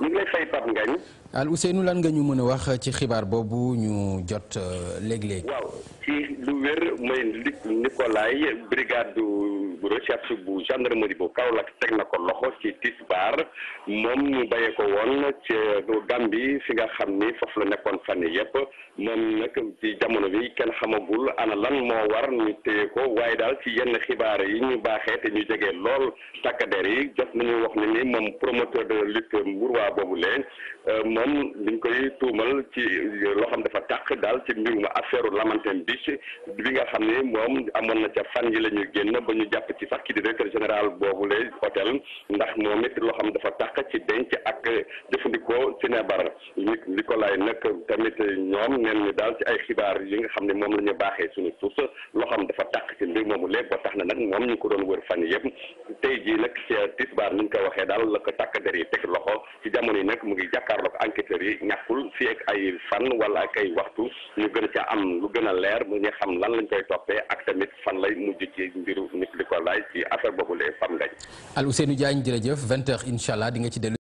ñu ngi lay fay Pape Ngagne. al Ousseynou lan nga ñu mën a wax ci xibaar boobu ñu jot euh, léeg-léeg. waaw lu wér mooy Nicolay brigade. recherche bu gendarmerie bu kaolack teg na ko loxo ci tisbar moom ñu baye ko woon ci gambi fi nga xam ni foofu la nekkoon fan yépp moom nag ci jamono bi kenn xamagul ana lan mo war ñu téye ko waaye daal ci yenn xibaar yi ñu baaxee te ñu jege lool takkader yi jot nañu wax ni ni moom promoteur de lutte mbourwaa boobu leen moom liñ koy tuumal ci loo xam dafa tàq daal ci mbirum affaire lamanteen bi bi nga xam ni moom na ca fan yi la ñu ba ñu jàpp jàpp ci sax ki directeur général boobu lay hôtel ndax moom it loo xam dafa tax ci denc ak jëfandikoo sinébar li li ko lay nag tamit ñoom neen ñu daal ci ay xibaar yi nga xam ne moom la ñu baaxee suñu suuf loo xam dafa tax ci mbir moomu lépp ba tax na nag moom ñu ko doon wër fan yëpp tey jii nag ca tisbaar ni nga ko waxee daal la ko takk der yi teg loxo ci jamono yi nag mu ngi jàkkaarloog enquêteurs yi ñàkkul fii ak ay fan wala ak ay waxtu ñu gën ca am lu gën a leer mu ñu xam lan lañ koy toppee ak tamit fan lay mujj ci mbiru nit li ko laaj ci affaire boobu lee fam ngañ Al Ousseynou Diagne jërëjëf 20h incha allah ci dellu